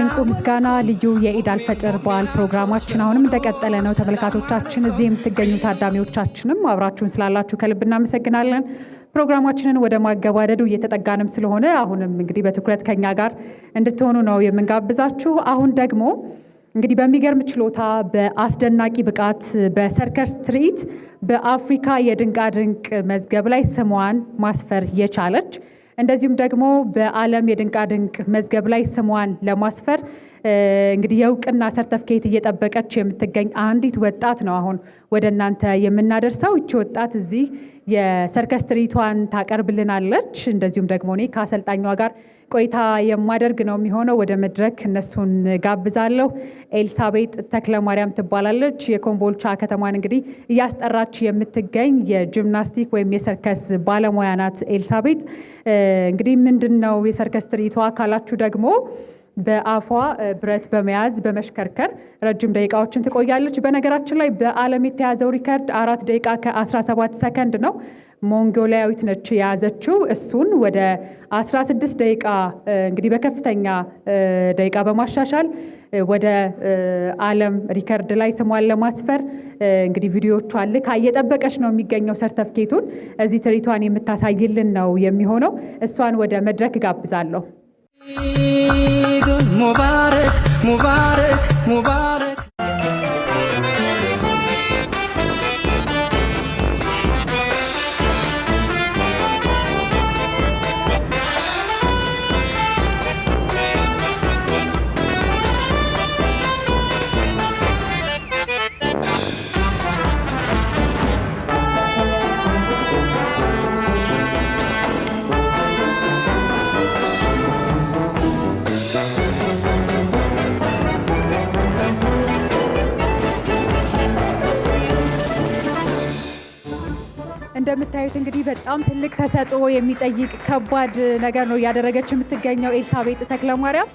እንቁ ምስጋና ልዩ የኢድ አልፈጥር በዓል ፕሮግራማችን አሁንም እንደቀጠለ ነው። ተመልካቾቻችን፣ እዚህ የምትገኙ ታዳሚዎቻችንም አብራችሁን ስላላችሁ ከልብ እናመሰግናለን። ፕሮግራማችንን ወደ ማገባደዱ እየተጠጋንም ስለሆነ አሁንም እንግዲህ በትኩረት ከኛ ጋር እንድትሆኑ ነው የምንጋብዛችሁ። አሁን ደግሞ እንግዲህ በሚገርም ችሎታ በአስደናቂ ብቃት በሰርከስ ትርኢት በአፍሪካ የድንቃድንቅ መዝገብ ላይ ስሟን ማስፈር የቻለች እንደዚሁም ደግሞ በዓለም የድንቃድንቅ መዝገብ ላይ ስሟን ለማስፈር እንግዲህ የእውቅና ሰርተፍኬት እየጠበቀች የምትገኝ አንዲት ወጣት ነው አሁን ወደ እናንተ የምናደርሰው። ይቺ ወጣት እዚህ የሰርከስ ትርኢቷን ታቀርብልናለች። እንደዚሁም ደግሞ እኔ ከአሰልጣኟ ጋር ቆይታ የማደርግ ነው የሚሆነው። ወደ መድረክ እነሱን ጋብዛለሁ። ኤልሳቤጥ ማርያም ትባላለች። የኮምቦልቻ ከተማን እንግዲህ እያስጠራች የምትገኝ የጂምናስቲክ ወይም የሰርከስ ባለሙያ ናት። ኤልሳቤጥ እንግዲህ ምንድን ነው የሰርከስ ትርኢቷ ካላችሁ ደግሞ በአፏ ብረት በመያዝ በመሽከርከር ረጅም ደቂቃዎችን ትቆያለች። በነገራችን ላይ በዓለም የተያዘው ሪከርድ አራት ደቂቃ ከ17 ሰከንድ ነው። ሞንጎሊያዊት ነች የያዘችው። እሱን ወደ 16 ደቂቃ እንግዲህ በከፍተኛ ደቂቃ በማሻሻል ወደ ዓለም ሪከርድ ላይ ስሟን ለማስፈር እንግዲህ ቪዲዮቿን ልካ እየጠበቀች ነው የሚገኘው ሰርተፍኬቱን። እዚህ ትርኢቷን የምታሳይልን ነው የሚሆነው። እሷን ወደ መድረክ ጋብዛለሁ። মুবারক মুবারক মুবারক እንደምታዩት እንግዲህ በጣም ትልቅ ተሰጥኦ የሚጠይቅ ከባድ ነገር ነው እያደረገች የምትገኘው ኤልሳቤጥ ተክለማርያም።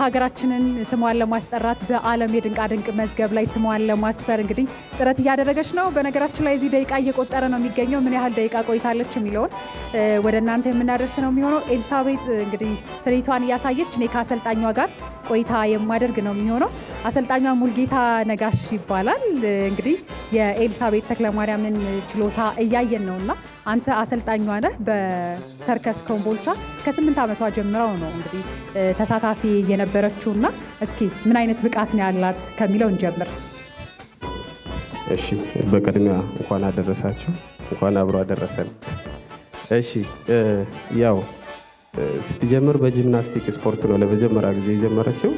ሀገራችንን ስሟን ለማስጠራት በዓለም የድንቃድንቅ መዝገብ ላይ ስሟን ለማስፈር እንግዲህ ጥረት እያደረገች ነው። በነገራችን ላይ እዚህ ደቂቃ እየቆጠረ ነው የሚገኘው። ምን ያህል ደቂቃ ቆይታለች የሚለውን ወደ እናንተ የምናደርስ ነው የሚሆነው። ኤልሳቤጥ እንግዲህ ትርኢቷን እያሳየች እኔ ከአሰልጣኟ ጋር ቆይታ የማደርግ ነው የሚሆነው። አሰልጣኟ ሙልጌታ ነጋሽ ይባላል። እንግዲህ የኤልሳቤጥ ተክለማርያምን ችሎታ እያየን ነውና አንተ አሰልጣኟ ነህ በሰርከስ ኮምቦልቻ ከስምንት ዓመቷ ጀምረው ነው እንግዲህ ተሳታፊ የነበረችው እና እስኪ ምን አይነት ብቃት ነው ያላት ከሚለው እንጀምር። እሺ በቅድሚያ እንኳን አደረሳችሁ፣ እንኳን አብሮ አደረሰን። እሺ ያው ስትጀምር በጂምናስቲክ ስፖርት ነው ለመጀመሪያ ጊዜ የጀመረችው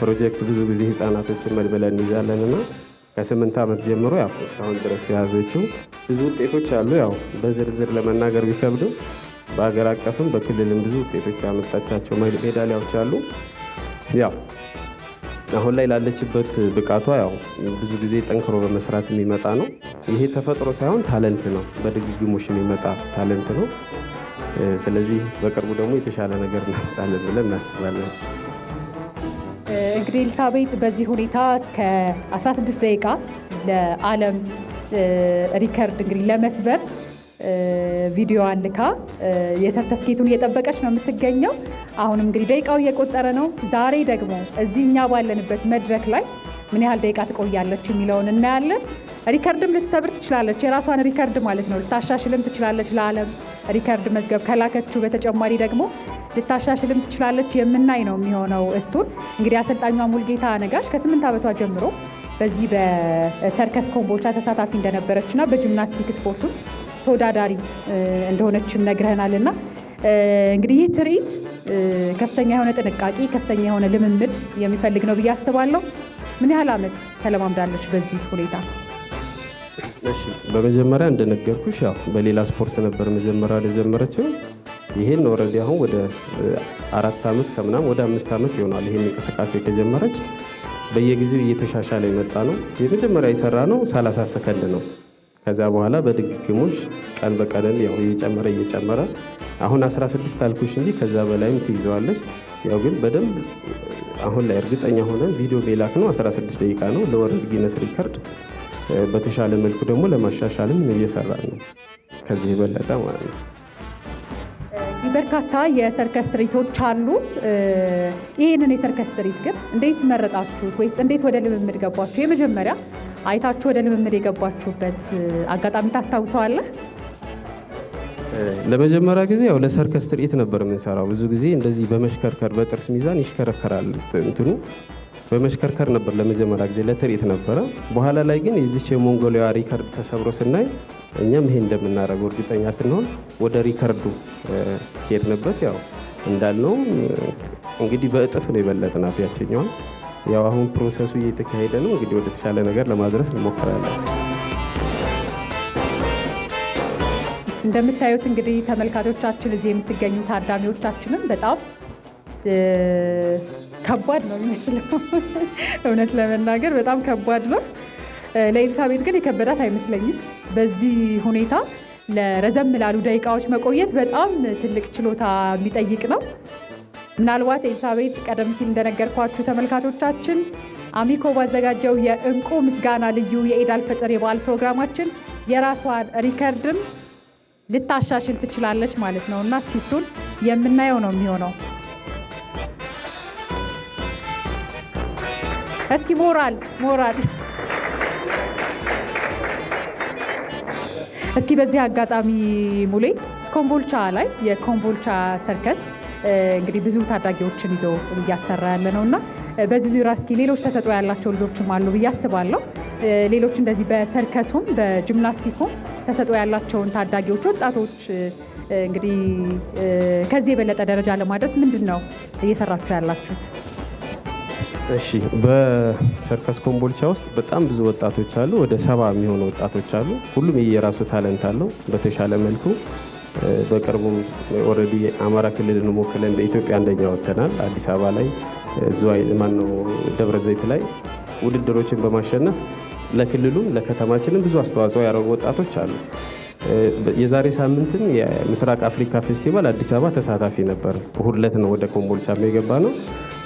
ፕሮጀክት። ብዙ ጊዜ ህፃናቶችን መልበለ እንይዛለን እና ከስምንት ዓመት ጀምሮ ያው እስካሁን ድረስ የያዘችው ብዙ ውጤቶች አሉ። ያው በዝርዝር ለመናገር ቢከብድም በሀገር አቀፍም በክልልም ብዙ ውጤቶች ያመጣቻቸው ሜዳሊያዎች አሉ። ያው አሁን ላይ ላለችበት ብቃቷ ያው ብዙ ጊዜ ጠንክሮ በመስራት የሚመጣ ነው። ይሄ ተፈጥሮ ሳይሆን ታለንት ነው፣ በድግግሞሽ የሚመጣ ታለንት ነው። ስለዚህ በቅርቡ ደግሞ የተሻለ ነገር እናመጣለን ብለን እናስባለን። እንግዲህ ኤልሳቤጥ በዚህ ሁኔታ እስከ 16 ደቂቃ ለዓለም ሪከርድ እንግዲህ ለመስበር ቪዲዮ አልካ የሰርተፍኬቱን እየጠበቀች ነው የምትገኘው። አሁንም እንግዲህ ደቂቃው እየቆጠረ ነው። ዛሬ ደግሞ እዚህ እኛ ባለንበት መድረክ ላይ ምን ያህል ደቂቃ ትቆያለች የሚለውን እናያለን። ሪከርድም ልትሰብር ትችላለች። የራሷን ሪከርድ ማለት ነው ልታሻሽልም ትችላለች። ለዓለም ሪከርድ መዝገብ ከላከችው በተጨማሪ ደግሞ ልታሻሽልም ትችላለች የምናይ ነው የሚሆነው። እሱን እንግዲህ አሰልጣኟ ሙልጌታ ነጋሽ ከስምንት ዓመቷ ጀምሮ በዚህ በሰርከስ ኮምቦልቻ ተሳታፊ እንደነበረችና በጂምናስቲክ ስፖርቱ ተወዳዳሪ እንደሆነችም ነግረናልና እንግዲህ ይህ ትርኢት ከፍተኛ የሆነ ጥንቃቄ፣ ከፍተኛ የሆነ ልምምድ የሚፈልግ ነው ብዬ አስባለሁ። ምን ያህል ዓመት ተለማምዳለች በዚህ ሁኔታ? እሺ፣ በመጀመሪያ እንደነገርኩሽ ያው በሌላ ስፖርት ነበር መጀመሪያ ለጀመረችው ይሄን ኦልሬዲ አሁን ወደ አራት ዓመት ከምናም ወደ አምስት ዓመት ይሆናል ይሄን እንቅስቃሴ ከጀመረች። በየጊዜው እየተሻሻለ የመጣ ነው። የመጀመሪያ የሰራ ነው ሰላሳ ሰከንድ ነው። ከዚያ በኋላ በድግግሞሽ ቀን በቀን ያው እየጨመረ እየጨመረ አሁን 16 አልኩሽ እንጂ ከዛ በላይም ትይዘዋለች። ያው ግን በደንብ አሁን ላይ እርግጠኛ ሆነን ቪዲዮ ቤላክ ነው 16 ደቂቃ ነው ለወርልድ ጊነስ ሪከርድ። በተሻለ መልኩ ደግሞ ለማሻሻልም እየሰራ ነው ከዚህ የበለጠ ማለት ነው። በርካታ የሰርከስ ትርኢቶች አሉ። ይህንን የሰርከስ ትርኢት ግን እንዴት መረጣችሁት? ወይስ እንዴት ወደ ልምምድ ገባችሁ? የመጀመሪያ አይታችሁ ወደ ልምምድ የገባችሁበት አጋጣሚ ታስታውሰዋለህ? ለመጀመሪያ ጊዜ ያው ለሰርከስ ትርኢት ነበር የምንሰራው። ብዙ ጊዜ እንደዚህ በመሽከርከር በጥርስ ሚዛን ይሽከረከራል እንትኑ በመሽከርከር ነበር ለመጀመሪያ ጊዜ ለትርኢት ነበረ። በኋላ ላይ ግን የዚች የሞንጎሊያ ሪከርድ ተሰብሮ ስናይ እኛም ይሄ እንደምናደርገው እርግጠኛ ስንሆን ወደ ሪከርዱ ሄድንበት። ያው እንዳልነው እንግዲህ በእጥፍ ነው የበለጥናት ያቸኛዋል። ያው አሁን ፕሮሰሱ እየተካሄደ ነው። እንግዲህ ወደ ተሻለ ነገር ለማድረስ እንሞክራለን። እንደምታዩት እንግዲህ ተመልካቾቻችን፣ እዚህ የምትገኙ ታዳሚዎቻችንም በጣም ከባድ ነው የሚመስለው። እውነት ለመናገር በጣም ከባድ ነው። ለኤልሳቤጥ ግን የከበዳት አይመስለኝም። በዚህ ሁኔታ ለረዘም ላሉ ደቂቃዎች መቆየት በጣም ትልቅ ችሎታ የሚጠይቅ ነው። ምናልባት ኤልሳቤጥ ቀደም ሲል እንደነገርኳችሁ ተመልካቾቻችን አሚኮ ባዘጋጀው የእንቁ ምስጋና ልዩ የኢዳል አልፈጥር የበዓል ፕሮግራማችን የራሷን ሪከርድም ልታሻሽል ትችላለች ማለት ነው እና እስኪ እሱን የምናየው ነው የሚሆነው። እስኪ ሞራል ሞራል እስኪ በዚህ አጋጣሚ ሙሌ ኮምቦልቻ ላይ የኮምቦልቻ ሰርከስ እንግዲህ ብዙ ታዳጊዎችን ይዞ እያሰራ ያለ ነው እና በዚህ ዙሪያ እስኪ ሌሎች ተሰጥኦ ያላቸው ልጆችም አሉ ብዬ አስባለሁ። ሌሎች እንደዚህ በሰርከሱም በጂምናስቲኩም ተሰጥኦ ያላቸውን ታዳጊዎች፣ ወጣቶች እንግዲህ ከዚህ የበለጠ ደረጃ ለማድረስ ምንድን ነው እየሰራችሁ ያላችሁት? እሺ በሰርከስ ኮምቦልቻ ውስጥ በጣም ብዙ ወጣቶች አሉ። ወደ ሰባ የሚሆኑ ወጣቶች አሉ። ሁሉም የየራሱ ታለንት አለው። በተሻለ መልኩ በቅርቡም ኦልሬዲ አማራ ክልልን ወክለን በኢትዮጵያ አንደኛ ወጥተናል። አዲስ አበባ ላይ ዝዋይ ማነው ደብረ ዘይት ላይ ውድድሮችን በማሸነፍ ለክልሉም ለከተማችንም ብዙ አስተዋጽኦ ያደረጉ ወጣቶች አሉ። የዛሬ ሳምንትም የምስራቅ አፍሪካ ፌስቲቫል አዲስ አበባ ተሳታፊ ነበር። እሁድ ዕለት ነው ወደ ኮምቦልቻ የገባ ነው።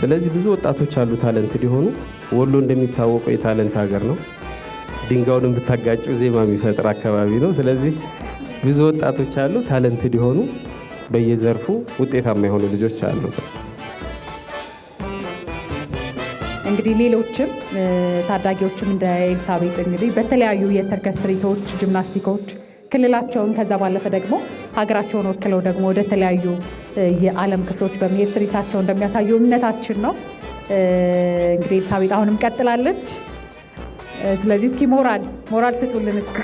ስለዚህ ብዙ ወጣቶች አሉ ታለንት ሊሆኑ ወሎ እንደሚታወቀው የታለንት ሀገር ነው። ድንጋውን የምታጋጭው ዜማ የሚፈጥር አካባቢ ነው። ስለዚህ ብዙ ወጣቶች አሉ ታለንት ሊሆኑ በየዘርፉ ውጤታማ የሆኑ ልጆች አሉ። እንግዲህ ሌሎችም ታዳጊዎችም እንደ ኤልሳቤጥ እንግዲህ በተለያዩ የሰርከስ ትርኢቶች፣ ጂምናስቲኮች ክልላቸውን ከዛ ባለፈ ደግሞ ሀገራቸውን ወክለው ደግሞ ወደ ተለያዩ የዓለም ክፍሎች በመሄድ ትርኢታቸው እንደሚያሳዩ እምነታችን ነው። እንግዲህ ኤልሳቤጥ አሁንም ቀጥላለች። ስለዚህ እስኪ ሞራል ሞራል ስጡልን እስኪ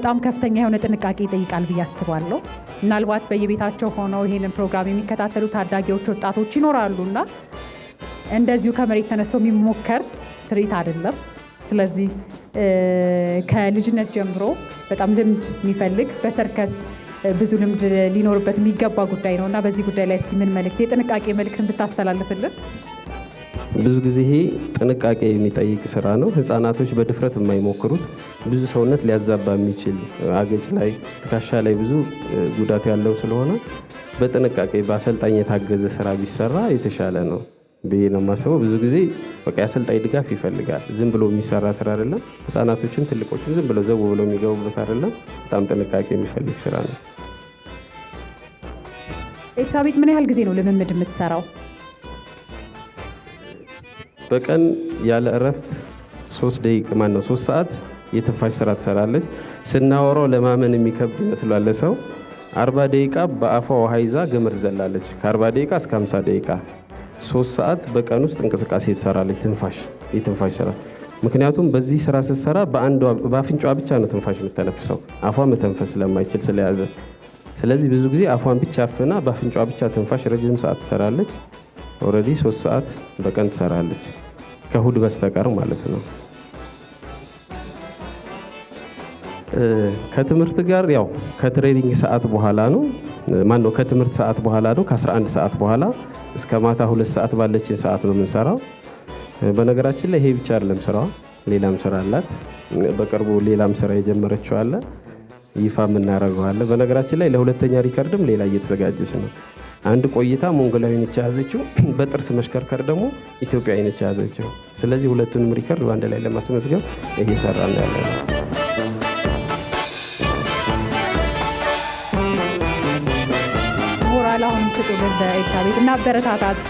በጣም ከፍተኛ የሆነ ጥንቃቄ ይጠይቃል ብዬ አስባለሁ። ምናልባት በየቤታቸው ሆነው ይህንን ፕሮግራም የሚከታተሉ ታዳጊዎች፣ ወጣቶች እና እንደዚሁ ከመሬት ተነስቶ የሚሞከር ትርኢት አይደለም። ስለዚህ ከልጅነት ጀምሮ በጣም ልምድ የሚፈልግ በሰርከስ ብዙ ልምድ ሊኖርበት የሚገባ ጉዳይ ነው እና በዚህ ጉዳይ ላይ እስኪ ምን መልእክት የጥንቃቄ መልእክት ብታስተላልፍልን? ብዙ ጊዜ ይሄ ጥንቃቄ የሚጠይቅ ስራ ነው። ህፃናቶች በድፍረት የማይሞክሩት ብዙ ሰውነት ሊያዛባ የሚችል አገጭ ላይ፣ ትከሻ ላይ ብዙ ጉዳት ያለው ስለሆነ በጥንቃቄ በአሰልጣኝ የታገዘ ስራ ቢሰራ የተሻለ ነው ብዬ ነው የማስበው። ብዙ ጊዜ በቃ የአሰልጣኝ ድጋፍ ይፈልጋል። ዝም ብሎ የሚሰራ ስራ አይደለም። ህፃናቶችም ትልቆችም ዝም ብሎ ዘው ብሎ የሚገቡበት አይደለም። በጣም ጥንቃቄ የሚፈልግ ስራ ነው። ኤልሳቤት ምን ያህል ጊዜ ነው ልምምድ የምትሰራው? በቀን ያለ እረፍት ሶስት ደቂቃ ነው ሶስት ሰዓት የትንፋሽ ስራ ትሰራለች። ስናወራው ለማመን የሚከብድ ይመስላል ሰው። አርባ ደቂቃ በአፏ ውሃ ይዛ ገመድ ዘላለች። ከአርባ ደቂቃ እስከ ሃምሳ ደቂቃ ሶስት ሰዓት በቀን ውስጥ እንቅስቃሴ ትሰራለች። ትንፋሽ የትንፋሽ ስራ ምክንያቱም በዚህ ስራ ስትሰራ በአፍንጫዋ ብቻ ነው ትንፋሽ የምተነፍሰው፣ አፏ መተንፈስ ስለማይችል ስለያዘ። ስለዚህ ብዙ ጊዜ አፏን ብቻ አፍና በአፍንጫዋ ብቻ ትንፋሽ ረጅም ሰዓት ትሰራለች። ኦልሬዲ ሶስት ሰዓት በቀን ትሰራለች ከእሁድ በስተቀር ማለት ነው። ከትምህርት ጋር ያው ከትሬኒንግ ሰዓት በኋላ ነው ማን ነው ከትምህርት ሰዓት በኋላ ነው ከ11 ሰዓት በኋላ እስከ ማታ ሁለት ሰዓት ባለችን ሰዓት ነው የምንሰራው። በነገራችን ላይ ይሄ ብቻ አይደለም ስራዋ፣ ሌላም ስራ አላት። በቅርቡ ሌላም ስራ የጀመረችው አለ፣ ይፋ የምናደርገው አለ። በነገራችን ላይ ለሁለተኛ ሪከርድም ሌላ እየተዘጋጀች ነው። አንድ ቆይታ ሞንጎላዊ ነች የያዘችው፣ በጥርስ መሽከርከር ደግሞ ኢትዮጵያዊ ነች የያዘችው። ስለዚህ ሁለቱንም ሪከርድ በአንድ ላይ ለማስመዝገብ እየሰራ ያለ ነው። ሞራል አሁን ስጡልን በኤልሳቤት እና አበረታታት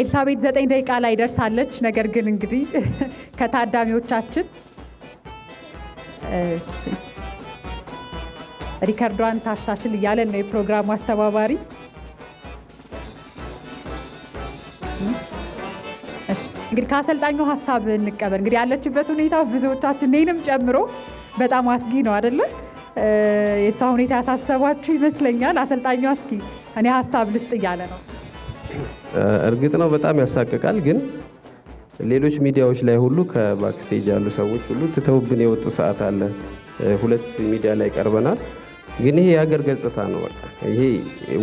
ኤልሳቤት ዘጠኝ ደቂቃ ላይ ደርሳለች። ነገር ግን እንግዲህ ከታዳሚዎቻችን ሪከርዷን ታሻሽል እያለን ነው የፕሮግራሙ አስተባባሪ። እንግዲህ ከአሰልጣኙ ሀሳብ እንቀበል። እንግዲህ ያለችበት ሁኔታ ብዙዎቻችን እኔንም ጨምሮ በጣም አስጊ ነው አደለ? የእሷ ሁኔታ ያሳሰባችሁ ይመስለኛል። አሰልጣኙ አስጊ እኔ ሀሳብ ልስጥ እያለ ነው እርግጥ ነው በጣም ያሳቅቃል። ግን ሌሎች ሚዲያዎች ላይ ሁሉ ከባክስቴጅ ያሉ ሰዎች ሁሉ ትተውብን የወጡ ሰዓት አለ። ሁለት ሚዲያ ላይ ቀርበናል። ግን ይሄ የሀገር ገጽታ ነው። በቃ ይሄ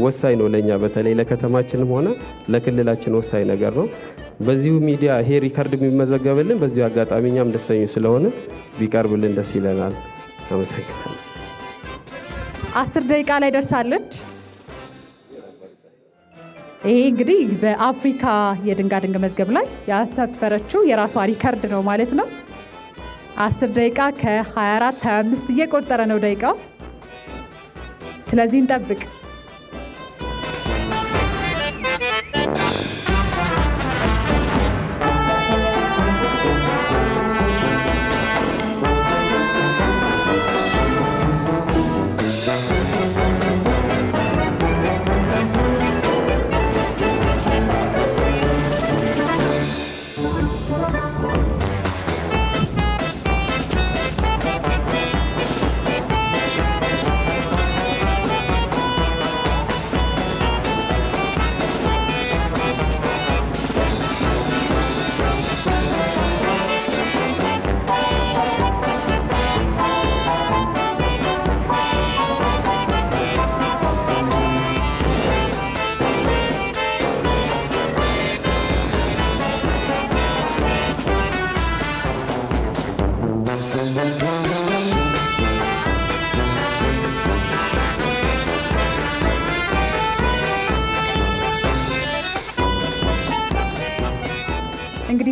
ወሳኝ ነው ለእኛ በተለይ ለከተማችንም ሆነ ለክልላችን ወሳኝ ነገር ነው። በዚሁ ሚዲያ ይሄ ሪከርድ የሚመዘገብልን በዚሁ አጋጣሚ እኛም ስለሆነ ቢቀርብልን ደስ ይለናል። አመሰግናለሁ። አስር ደቂቃ ላይ ደርሳለች። ይሄ እንግዲህ በአፍሪካ የድንጋድንግ መዝገብ ላይ ያሰፈረችው የራሷ ሪከርድ ነው ማለት ነው። 10 ደቂቃ ከ24 25 እየቆጠረ ነው ደቂቃው። ስለዚህ እንጠብቅ።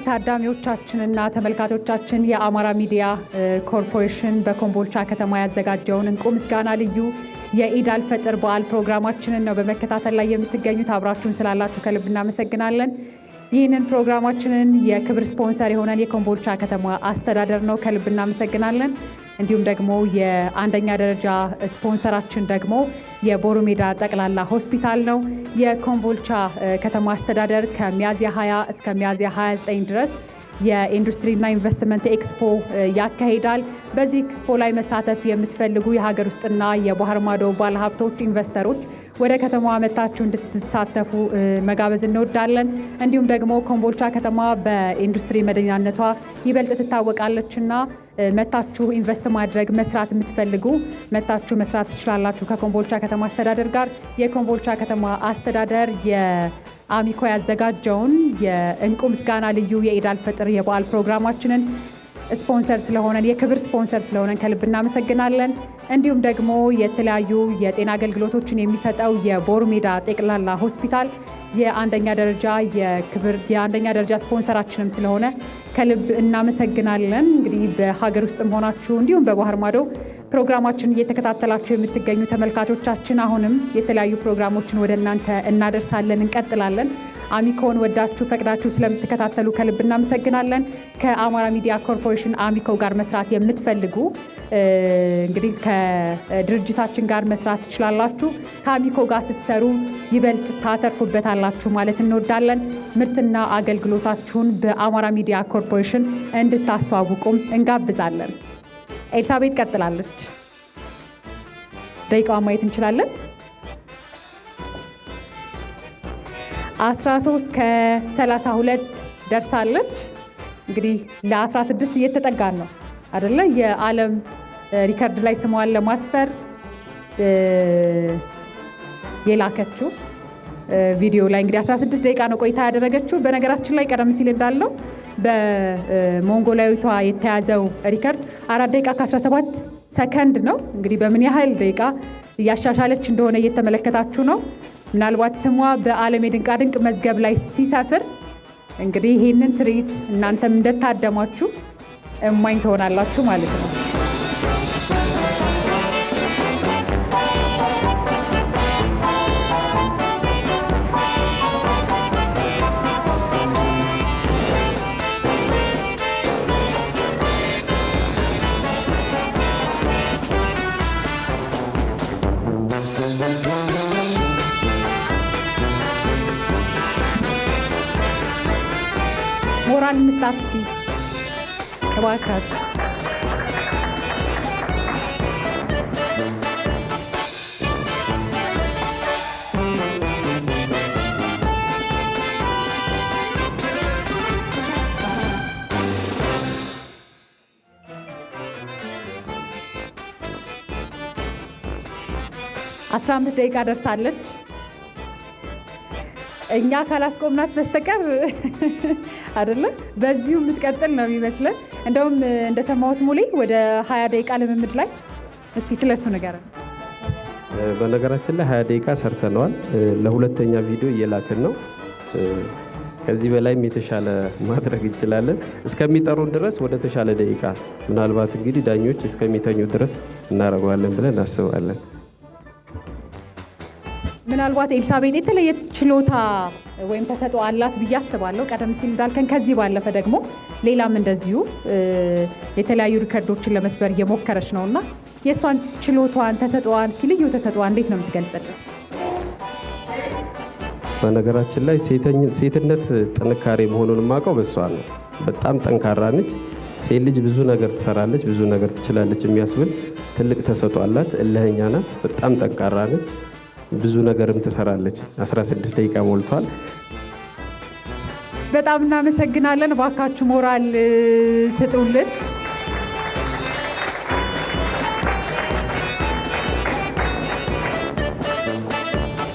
ታዳሚዎቻችንና ተመልካቾቻችን የአማራ ሚዲያ ኮርፖሬሽን በኮምቦልቻ ከተማ ያዘጋጀውን እንቁ ምስጋና ልዩ የኢድ አልፈጥር በዓል ፕሮግራማችንን ነው በመከታተል ላይ የምትገኙት። አብራችሁን ስላላችሁ ከልብ እናመሰግናለን። ይህንን ፕሮግራማችንን የክብር ስፖንሰር የሆነን የኮምቦልቻ ከተማ አስተዳደር ነው። ከልብ እናመሰግናለን። እንዲሁም ደግሞ የአንደኛ ደረጃ ስፖንሰራችን ደግሞ የቦሩ ሜዳ ጠቅላላ ሆስፒታል ነው። የኮምቦልቻ ከተማ አስተዳደር ከሚያዝያ 20 እስከ ሚያዝያ 29 ድረስ የኢንዱስትሪና ኢንቨስትመንት ኤክስፖ ያካሂዳል። በዚህ ኤክስፖ ላይ መሳተፍ የምትፈልጉ የሀገር ውስጥና የባህር ማዶ ባለሀብቶች፣ ኢንቨስተሮች ወደ ከተማዋ መታችሁ እንድትሳተፉ መጋበዝ እንወዳለን። እንዲሁም ደግሞ ኮምቦልቻ ከተማ በኢንዱስትሪ መደኛነቷ ይበልጥ ትታወቃለችና መታችሁ ኢንቨስት ማድረግ መስራት የምትፈልጉ መታችሁ መስራት ትችላላችሁ ከኮምቦልቻ ከተማ አስተዳደር ጋር የኮምቦልቻ ከተማ አስተዳደር አሚኮ ያዘጋጀውን የእንቁ ምስጋና ልዩ የኢዳል ፈጥር የበዓል ፕሮግራማችንን ስፖንሰር ስለሆነን የክብር ስፖንሰር ስለሆነን ከልብ እናመሰግናለን። እንዲሁም ደግሞ የተለያዩ የጤና አገልግሎቶችን የሚሰጠው የቦር ሜዳ ጠቅላላ ሆስፒታል የአንደኛ ደረጃ የክብር የአንደኛ ደረጃ ስፖንሰራችንም ስለሆነ ከልብ እናመሰግናለን። እንግዲህ በሀገር ውስጥም ሆናችሁ እንዲሁም በባህር ማዶ ፕሮግራማችን እየተከታተላችሁ የምትገኙ ተመልካቾቻችን አሁንም የተለያዩ ፕሮግራሞችን ወደ እናንተ እናደርሳለን፣ እንቀጥላለን። አሚኮን ወዳችሁ ፈቅዳችሁ ስለምትከታተሉ ከልብ እናመሰግናለን። ከአማራ ሚዲያ ኮርፖሬሽን አሚኮ ጋር መስራት የምትፈልጉ እንግዲህ ከድርጅታችን ጋር መስራት ትችላላችሁ። ከአሚኮ ጋር ስትሰሩ ይበልጥ ታተርፉበታላችሁ ማለት እንወዳለን። ምርትና አገልግሎታችሁን በአማራ ሚዲያ ኮርፖሬሽን እንድታስተዋውቁም እንጋብዛለን። ኤልሳቤት ቀጥላለች። ደቂቃዋ ማየት እንችላለን። 13 ከ32 ደርሳለች። እንግዲህ ለ16 እየተጠጋን ነው አደለ? የዓለም ሪከርድ ላይ ስሟን ለማስፈር የላከችው ቪዲዮ ላይ እንግዲህ 16 ደቂቃ ነው ቆይታ ያደረገችው። በነገራችን ላይ ቀደም ሲል እንዳለው በሞንጎላዊቷ የተያዘው ሪከርድ አራት ደቂቃ ከ17 ሰከንድ ነው። እንግዲህ በምን ያህል ደቂቃ እያሻሻለች እንደሆነ እየተመለከታችሁ ነው። ምናልባት ስሟ በዓለም የድንቃድንቅ መዝገብ ላይ ሲሰፍር እንግዲህ ይህንን ትርኢት እናንተም እንደታደማችሁ እማኝ ትሆናላችሁ ማለት ነው። Posadzki. Łakak. አስራ አምስት ደቂቃ ደርሳለች። እኛ ካላስቆምናት በስተቀር አይደለ? በዚሁ የምትቀጥል ነው የሚመስለን። እንደውም እንደሰማሁት ሙሌ ወደ ሀያ ደቂቃ ልምምድ ላይ እስኪ ስለሱ ንገረን። በነገራችን ላይ ሀያ ደቂቃ ሰርተነዋል። ለሁለተኛ ቪዲዮ እየላክን ነው። ከዚህ በላይም የተሻለ ማድረግ እንችላለን። እስከሚጠሩን ድረስ ወደ ተሻለ ደቂቃ ምናልባት እንግዲህ ዳኞች እስከሚተኙ ድረስ እናደርገዋለን ብለን እናስባለን። ምናልባት ኤልሳቤጥ የተለየ ችሎታ ወይም ተሰጥኦ አላት ብዬ አስባለሁ። ቀደም ሲል እንዳልከን ከዚህ ባለፈ ደግሞ ሌላም እንደዚሁ የተለያዩ ሪከርዶችን ለመስበር እየሞከረች ነው እና የእሷን ችሎቷን ተሰጥኦዋን እስኪ ልዩ ተሰጥዋ እንዴት ነው የምትገልጽልን? በነገራችን ላይ ሴትነት ጥንካሬ መሆኑን የማውቀው በሷ ነው። በጣም ጠንካራ ነች። ሴት ልጅ ብዙ ነገር ትሰራለች፣ ብዙ ነገር ትችላለች የሚያስብል ትልቅ ተሰጥኦ አላት። እልህኛ ናት። በጣም ጠንካራ ነች። ብዙ ነገርም ትሰራለች። 16 ደቂቃ ሞልቷል። በጣም እናመሰግናለን። እባካችሁ ሞራል ስጡልን።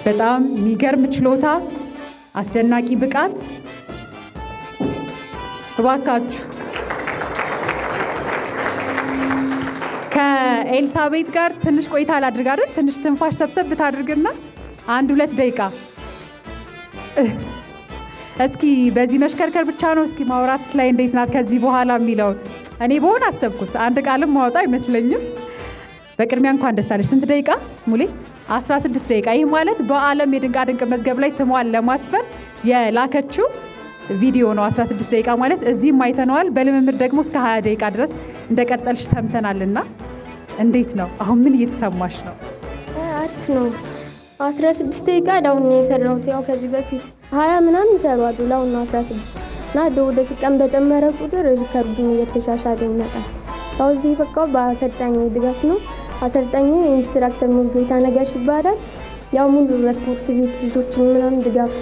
በጣም የሚገርም ችሎታ፣ አስደናቂ ብቃት እባካችሁ ከኤልሳቤት ጋር ትንሽ ቆይታ ላድርግ አይደል? ትንሽ ትንፋሽ ሰብሰብ ብታድርግና አንድ ሁለት ደቂቃ እስኪ በዚህ መሽከርከር ብቻ ነው። እስኪ ማውራትስ ላይ እንዴት ናት ከዚህ በኋላ የሚለውን እኔ በሆን አሰብኩት። አንድ ቃልም ማውጣ አይመስለኝም። በቅድሚያ እንኳን ደስ አለሽ። ስንት ደቂቃ ሙሌ? 16 ደቂቃ። ይህ ማለት በዓለም የድንቃድንቅ መዝገብ ላይ ስሟን ለማስፈር የላከችው ቪዲዮ ነው። 16 ደቂቃ ማለት እዚህም አይተነዋል። በልምምድ ደግሞ እስከ 20 ደቂቃ ድረስ እንደቀጠልሽ ሰምተናልና እንዴት ነው አሁን? ምን እየተሰማሽ ነው? አሪፍ ነው። አስራ ስድስት ደቂቃ ዳውን ነው የሰራሁት። ያው ከዚህ በፊት ሀያ ምናምን ይሰሯሉ። ዳውን ነው አስራ ስድስት እና ወደፊት ቀን በጨመረ ቁጥር ሪከርዱን እየተሻሻለ ይመጣል። ያው እዚህ በቃው በአሰልጣኝ ድጋፍ ነው። አሰልጣኝ ኢንስትራክተር ሙሉጌታ ነገሽ ይባላል። ያው ሙሉ በስፖርት ቤት ልጆችን ምናምን ድጋፍ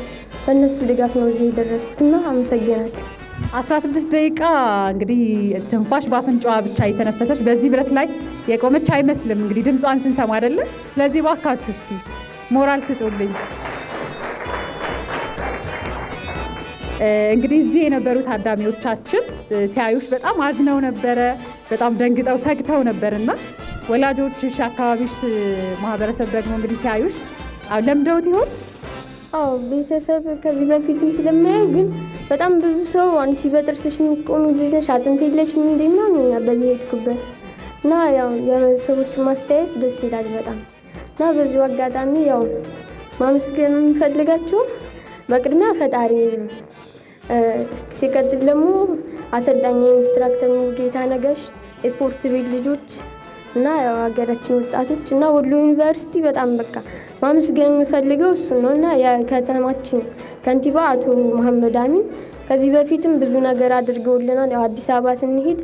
በእነሱ ድጋፍ ነው እዚህ የደረስኩትና አመሰግናለሁ። 16 ደቂቃ እንግዲህ ትንፋሽ በአፍንጫዋ ብቻ የተነፈሰች በዚህ ብረት ላይ የቆመች አይመስልም። እንግዲህ ድምጿን ስንሰማ አይደለ? ስለዚህ እባካችሁ እስኪ ሞራል ስጡልኝ። እንግዲህ እዚህ የነበሩ ታዳሚዎቻችን ሲያዩሽ በጣም አዝነው ነበረ፣ በጣም ደንግጠው ሰግተው ነበር እና ወላጆችሽ፣ አካባቢሽ ማህበረሰብ ደግሞ እንግዲህ ሲያዩሽ ለምደውት ይሆን? አዎ ቤተሰብ ከዚህ በፊትም ስለማየው ግን በጣም ብዙ ሰው አንቺ በጥርስሽ የሚቆም ልጅ ነሽ አጥንት የለሽም እንዴ ምናምን በየሄድኩበት እና ያው የሰዎቹ ማስተያየት ደስ ይላል በጣም እና በዚሁ አጋጣሚ ያው ማመስገን የምፈልጋችሁ በቅድሚያ ፈጣሪ ሲቀጥል ደግሞ አሰልጣኝ ኢንስትራክተር ሙሉጌታ ነገሽ፣ የስፖርት ቤት ልጆች እና ያው ሀገራችን ወጣቶች እና ወሎ ዩኒቨርሲቲ በጣም በቃ ማመስገን የምፈልገው እሱ ነው እና የከተማችን ከንቲባ አቶ መሐመድ አሚን ከዚህ በፊትም ብዙ ነገር አድርገውልናል። ያው አዲስ አበባ ስንሄድ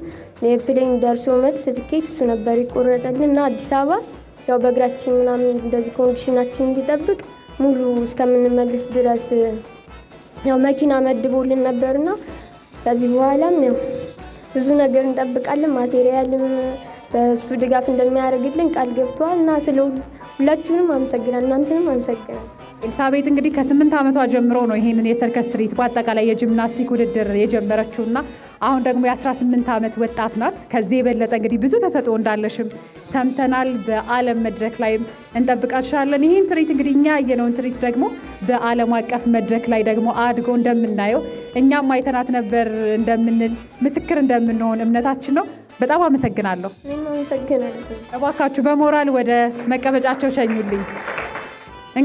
የፕሌን ደርሶ መልስ ትኬት እሱ ነበር ይቆረጠልን እና አዲስ አበባ ያው በእግራችን ምናምን እንደዚህ ኮንዲሽናችን እንዲጠብቅ ሙሉ እስከምንመልስ ድረስ ያው መኪና መድቦልን ነበርና ከዚህ በኋላም ያው ብዙ ነገር እንጠብቃለን ማቴሪያልም በእሱ ድጋፍ እንደሚያደርግልን ቃል ገብተዋል እና ስለ ሁላችሁንም አመሰግናል። እናንተንም አመሰግናል። ኤልሳቤት እንግዲህ ከስምንት ዓመቷ ጀምሮ ነው ይህንን የሰርከስ ትርኢት በአጠቃላይ የጂምናስቲክ ውድድር የጀመረችው እና አሁን ደግሞ የ18 ዓመት ወጣት ናት። ከዚህ የበለጠ እንግዲህ ብዙ ተሰጥኦ እንዳለሽም ሰምተናል። በዓለም መድረክ ላይም እንጠብቃሻለን። ይህን ትርኢት እንግዲህ እኛ ያየነውን ትርኢት ደግሞ በዓለም አቀፍ መድረክ ላይ ደግሞ አድጎ እንደምናየው እኛም አይተናት ነበር እንደምንል ምስክር እንደምንሆን እምነታችን ነው። በጣም አመሰግናለሁ። እባካችሁ በሞራል ወደ መቀመጫቸው ሸኙልኝ።